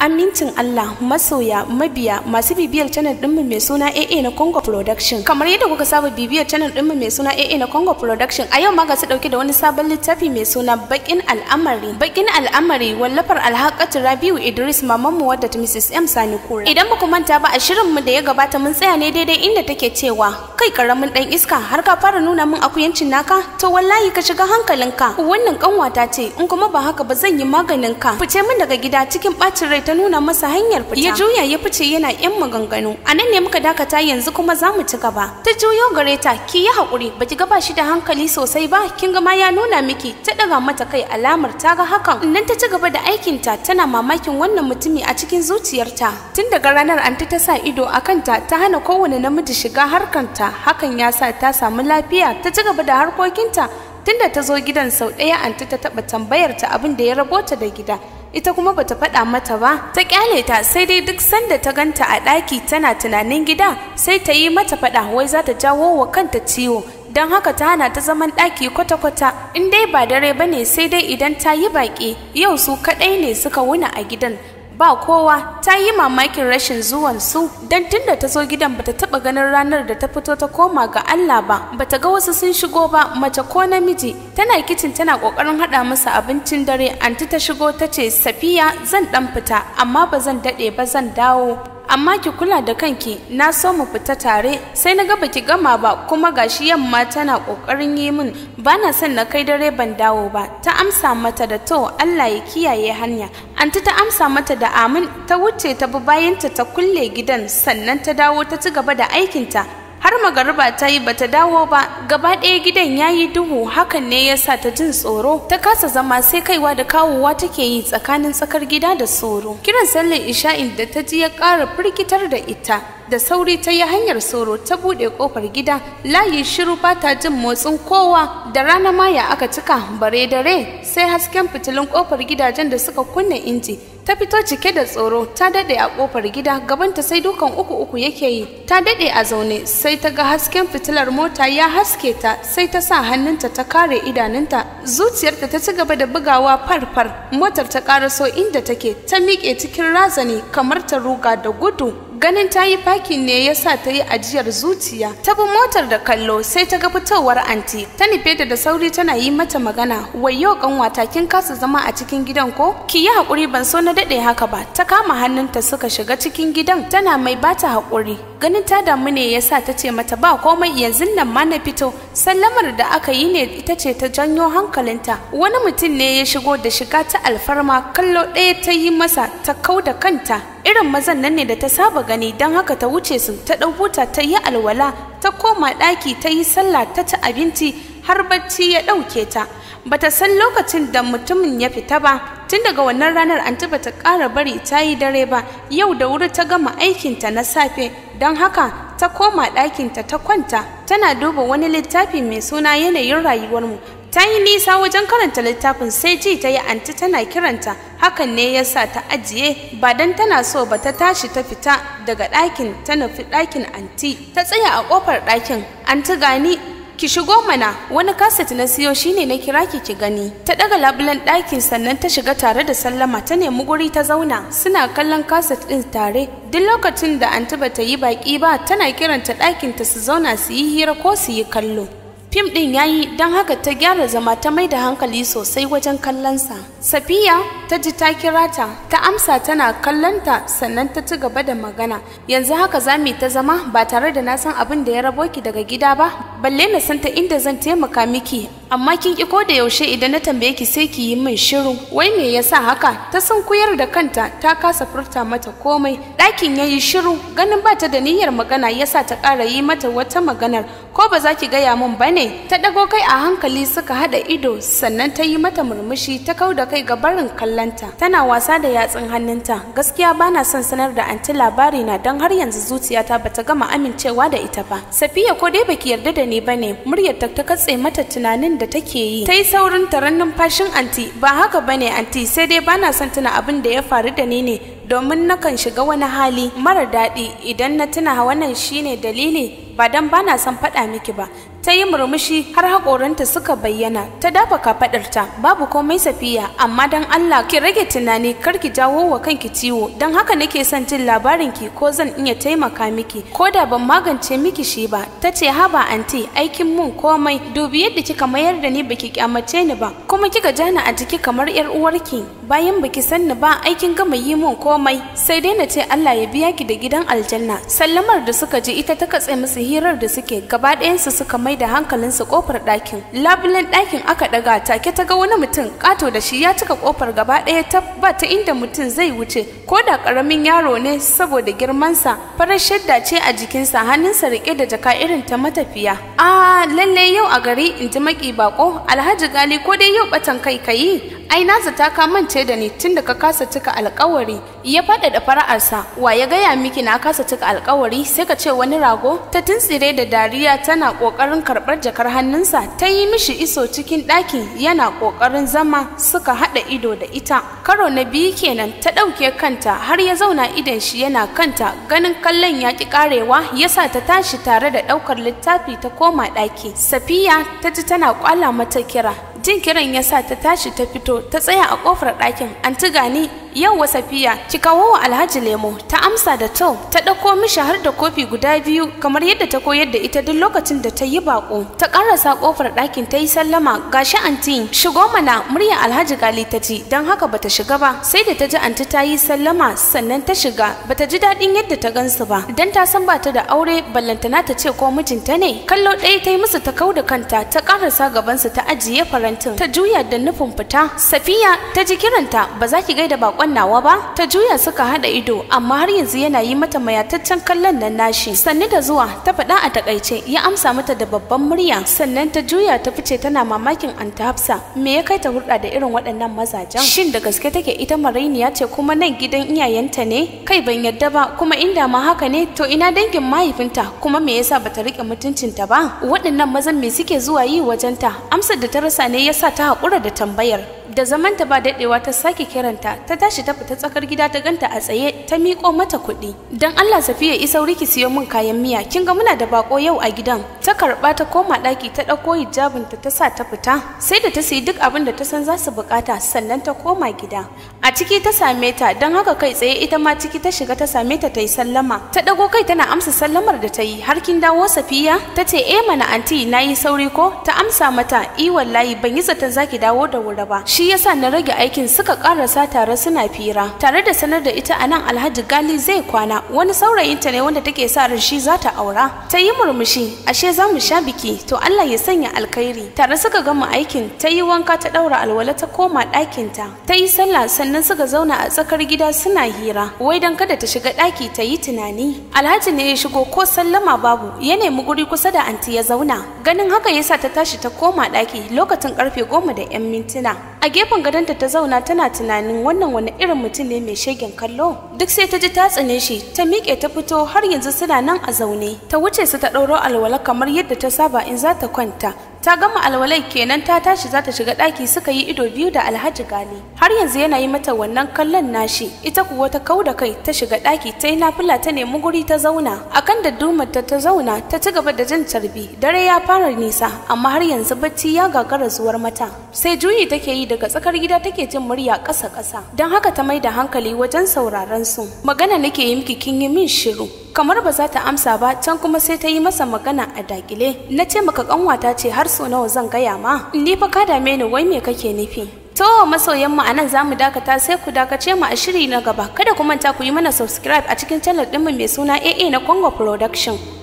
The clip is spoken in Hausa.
Amincin Allah masoya mabiya masu bibiyar channel ɗinmu mai suna AA na Congo Production. Kamar yadda kuka saba bibiyar channel ɗinmu mai suna AA na Congo Production a yau ma ga su ɗauke da wani sabon littafi mai suna Bakin Al'amari. Bakin Al'amari wallafar Alhaqatu Rabiu Idris mamanmu wadda ta Mrs. M Sani Kura. Idan muku manta ba a shirin mu da ya gabata mun tsaya ne daidai inda take cewa kai karamin ɗan iska har ka fara nuna min akuyancin naka to wallahi ka shiga hankalinka. Wannan kanwata ce in kuma ba haka ba zan yi maganin ka. Fice min daga gida cikin ɓacin rai ta nuna masa hanyar fita ya juya ya fice yana yan maganganu a nan ne muka dakata yanzu kuma za mu ci gaba ta juyo gare ta ki yi haƙuri baki gaba shi da hankali sosai ba kin ga ma ya nuna miki ta ɗaga mata kai alamar ta ga hakan nan ta ci gaba da aikinta tana mamakin wannan mutumi a cikin zuciyarta tun daga ranar anti ta sa ido a kanta ta hana kowane namiji shiga harkanta hakan ya sa ta samu lafiya ta ci gaba da harkokinta tunda ta zo gidan sau ɗaya anti ta taɓa tambayar ta abin da ya rabota da gida ita kuma bata faɗa mata ba ta kyale ta sai dai duk sanda ta ganta a ɗaki tana tunanin gida sai ta yi mata faɗa wai za ta jawo wa kanta ciwo don haka ta hana ta zaman ɗaki kwata-kwata in dai ba dare ba ne sai dai idan ta yi baƙi yau su kaɗai ne suka wuna a gidan ba kowa ta yi mamakin rashin zuwan su don tunda ta zo gidan bata taba ganin ranar da ta fito ta koma ga Allah ba bata ga wasu sun shigo ba mace ko namiji tana kicin tana kokarin hada masa abincin dare anti ta shigo ta ce safiya zan dan fita amma ba zan dade ba zan dawo amma ki kula da kanki na so mu fita tare sai na ga baki gama ba kuma gashi yamma tana kokarin yi min ba na son na kai dare ban dawo ba ta amsa mata da to Allah ya kiyaye hanya anta ta amsa mata da amin ta wuce ta bi bayanta ta kulle gidan sannan ta dawo ta ci gaba da aikinta har magariba ta yi bata dawo ba gaba ɗaya gidan ya yi duhu hakan ne ya sa ta jin tsoro ta kasa zama sai kaiwa da kawowa take yi tsakanin tsakar gida da tsoro kiran sallar isha'in da ta ji ya ƙara firgitar da ita da sauri ta yi hanyar tsoro ta buɗe ƙofar gida layi shiru ba ta jin motsin kowa da rana maya aka cika bare dare sai hasken fitilun ƙofar gidajen da suka kunna inji ta fito cike da tsoro ta dade a kofar gida gabanta sai dukan uku uku yake yi ta dade a zaune sai ta ga hasken fitilar mota ya haske ta sai ta sa hannunta ta kare idanunta zuciyarta ta ci gaba da bugawa farfar motar ta karaso inda take ta miƙe cikin razani kamar ta ruga da gudu ganin ta yi fakin ne ya sa ta yi ajiyar zuciya ta bi motar da kallo sai ta ga fitowar anti ta nufe da sauri tana yi mata magana Wai wayo ta kin kasa zama a cikin gidan ko ki yi hakuri ban so na dade haka ba ta kama hannunta suka shiga cikin gidan tana mai bata hakuri ganin ta damu ne yasa ta ce mata ba komai yanzu nan ma na fito sallamar da aka yi ne ita ce ta janyo hankalinta wani mutum ne ya shigo da shiga ta alfarma kallo ɗaya ta yi masa ta kau da kanta irin mazan nan ne da ta saba gani don haka ta wuce su ta ɗau huta ta yi alwala ta koma ɗaki ta yi sallah ta ci abinci har bacci ya ɗauke ta bata san lokacin da mutumin ya fita ba tun daga wannan ranar anti bata kara bari ta yi dare ba yau da wuri ta gama aikinta na safe don haka ta koma ɗakinta ta kwanta tana duba wani littafi mai suna yanayin rayuwarmu ta yi nisa wajen karanta littafin sai ji ta yi anti tana kiranta hakan ne ya sa ta ajiye ba don tana so ba ta tashi ta fita daga ɗakin ta nufi ɗakin anti ta tsaya a ƙofar ɗakin anti gani ki shigo mana wani kaset na siyo shine na kira ki ki gani ta daga labulan ɗakin sannan ta shiga tare da sallama ta nemi guri ta zauna suna kallon kaset ɗin tare duk lokacin da anti bata yi baki ba tana kiranta ɗakin ta su zauna su yi hira ko su yi kallo fim ɗin ya yi don haka ta gyara zama ta mai da hankali sosai wajen kallonsa. Safiya ta ji ta kira ta, ta amsa tana kallonta sannan ta ci gaba da magana. Yanzu haka za ta zama ba tare da na san abin da ya rabo ki daga gida ba, balle na san inda zan taimaka miki amma kin ki ko da yaushe idan na tambaye ki sai ki yi min shiru wai me yasa haka ta san kuyar da kanta ta kasa furta mata komai ɗakin yayi shiru ganin ba ta da niyyar magana yasa ta ƙara yi mata wata maganar ko ba za ki gaya min bane ta ɗago kai a hankali suka haɗa ido sannan ta yi mata murmushi ta kau da kai ga barin kallanta tana wasa da yatsun hannunta gaskiya bana son sanar da anti labari na don har yanzu zuciyata ba ta gama amincewa da ita ba safiya ko dai baki yarda da ne ba ne ta ta katse mata tunanin da take yi ta yi saurin taron numfashin anti ba haka bane anti sai dai bana son tuna abin da ya faru da ni ne domin nakan shiga wani hali mara daɗi idan na tuna wannan shine dalili ba dan bana son faɗa miki ba ta yi murmushi har haƙoranta suka bayyana ta dafa kafaɗarta babu komai safiya amma dan Allah ki rage tunani kar ki jawo wa kanki ciwo dan haka nake son jin labarin ki ko zan iya taimaka miki ko da ban magance miki shi ba ta ce haba anti aikin mun komai dubi yadda kika mayar da ni baki kyamace ni ba kuma kika jana a jiki kamar yar uwarki bayan baki sanni ba aikin gama yi mun komai sai dai na ce Allah ya biya ki da gidan aljanna sallamar da suka ji ita ta katse musu hirar da suke gaba ɗayansu suka mai da hankalinsu kofar ɗakin labulen ɗakin aka ɗaga take ta ga wani mutum ƙato da shi ya cika kofar gaba ɗaya ta ba ta inda mutum zai wuce ko da ƙaramin yaro ne saboda girmansa farar shadda ce a jikinsa hannunsa riƙe da jaka irin ta matafiya a ah, lalle yau a gari in ji maki bako alhaji gali ko dai yau batan kai kayi ai na zata ka mance da ni tun da ka kasa cika alkawari ya faɗaɗa fara'arsa wa ya gaya miki na kasa cika alkawari sai ka ce wani rago ta tuntsire da dariya tana ƙoƙarin karɓar jakar hannunsa ta yi mishi iso cikin ɗakin yana ƙoƙarin zama suka haɗa ido da ita karo na biyu kenan ta ɗauke kanta har ya zauna idon shi yana kanta ganin kallon ya ƙi ƙarewa ya sa ta tashi tare da ɗaukar littafi ta koma ɗaki safiya ta ji tana ƙwala mata kira jin kiran ya sa ta tashi ta fito ta tsaya a kofar ɗakin an tuga ni yau safiya ki kawo wa alhaji lemo ta amsa da to ta dauko mishi har da kofi guda biyu kamar yadda ta koyar da ita duk lokacin da ta yi bako ta ƙarasa kofar ɗakin ta yi sallama gashi anti shigo mana murya alhaji gali ta ji don haka bata shiga ba sai da ta ji anti ta yi sallama sannan ta shiga bata ji daɗin yadda ta gansu ba dan ta san bata da aure ballantana ta ce ko mijinta ne kallo ɗaya ta yi musu ta kauda kanta ta karasa gabansu ta ajiye farantin ta juya da nufin fita safiya ta ji kiranta ba za ki gaida bako kwannawa nawa ba ta juya suka hada ido amma har yanzu yana yi mata mayataccen kallon nan nashi sanni da zuwa ta faɗa a takaice ya amsa mata da babban murya sannan ta juya ta fice tana mamakin anta hafsa me ya kai ta hulɗa da irin waɗannan mazajen shin da gaske take ita marainiya ce kuma nan gidan iyayenta ne kai ban yadda ba kuma inda ma haka ne to ina dangin mahaifinta kuma me yasa bata rike mutuncinta ba waɗannan mazan me suke zuwa yi wajenta amsar da ta rasa ne yasa ta haƙura da tambayar da zaman ta ba daɗewa ta sake kiranta ta tashi ta fita tsakar gida ta ganta a tsaye ta miƙo mata kuɗi dan allah safiya isa ki siyo min kayan miya kin ga muna da bako yau a gidan ta karɓa ta koma daki ta ɗauko hijabin ta ta sa ta fita sai da ta sayi duk abin da ta san za su buƙata sannan ta koma gida a ciki ta same ta don haka kai tsaye ita ma ciki ta shiga ta same ta ta yi sallama ta ɗago kai tana amsa sallamar da ta yi har kin dawo safiya ta ce eh mana anti nayi sauri ko ta amsa mata i eh, wallahi ban yi zaton zaki dawo da wuri ba shi ya sa na rage aikin suka karasa tare suna fira tare da sanar da ita anan alhaji gali zai kwana wani saurayinta ne wanda take sa ran za ta aura ta yi murmushi ashe za mu sha biki to allah ya sanya alkhairi tare suka gama aikin ta yi wanka ta daura alwala ta koma ɗakinta ta yi sallah sannan suka zauna a tsakar gida suna hira wai dan kada ta shiga ɗaki ta yi tunani alhaji ne ya shigo ko sallama babu ya nemi guri kusa da anti ya zauna ganin haka ya sa ta tashi ta koma ɗaki lokacin karfe goma da 'yan mintuna a gefen gadonta ta zauna tana tunanin wannan wani irin mutum ne mai shegen kallo duk sai ta ji ta tsane shi ta miƙe ta fito har yanzu suna nan a zaune ta wuce su ta ɗauro alwala kamar yadda ta saba in za ta kwanta ta gama alwalai kenan ta tashi za ta shiga ɗaki suka yi ido biyu da alhaji gani. har yanzu yana yi mata wannan kallon nashi ita kuwa ta kau da kai ta shiga ɗaki ta yi nafila ta nemi guri ta zauna akan da dumarta ta zauna ta ci gaba da jin tarbi dare ya fara nisa amma har yanzu bacci ya gagara zuwar mata sai juyi take yi daga tsakar gida take jin murya ƙasa ƙasa don haka ta mai da hankali wajen sauraron su magana nake yi miki kin yi min shiru kamar ba za ta amsa ba can kuma sai ta yi masa magana a dakile na ce maka kanwata ce har so nawa zan gaya ma ni fa ka dame ni wai me kake nufi To masoyan mu anan zamu dakata sai ku dakace mu a shiri na gaba. Kada ku manta ku yi mana subscribe a cikin channel mu mai suna AA na Congo Production.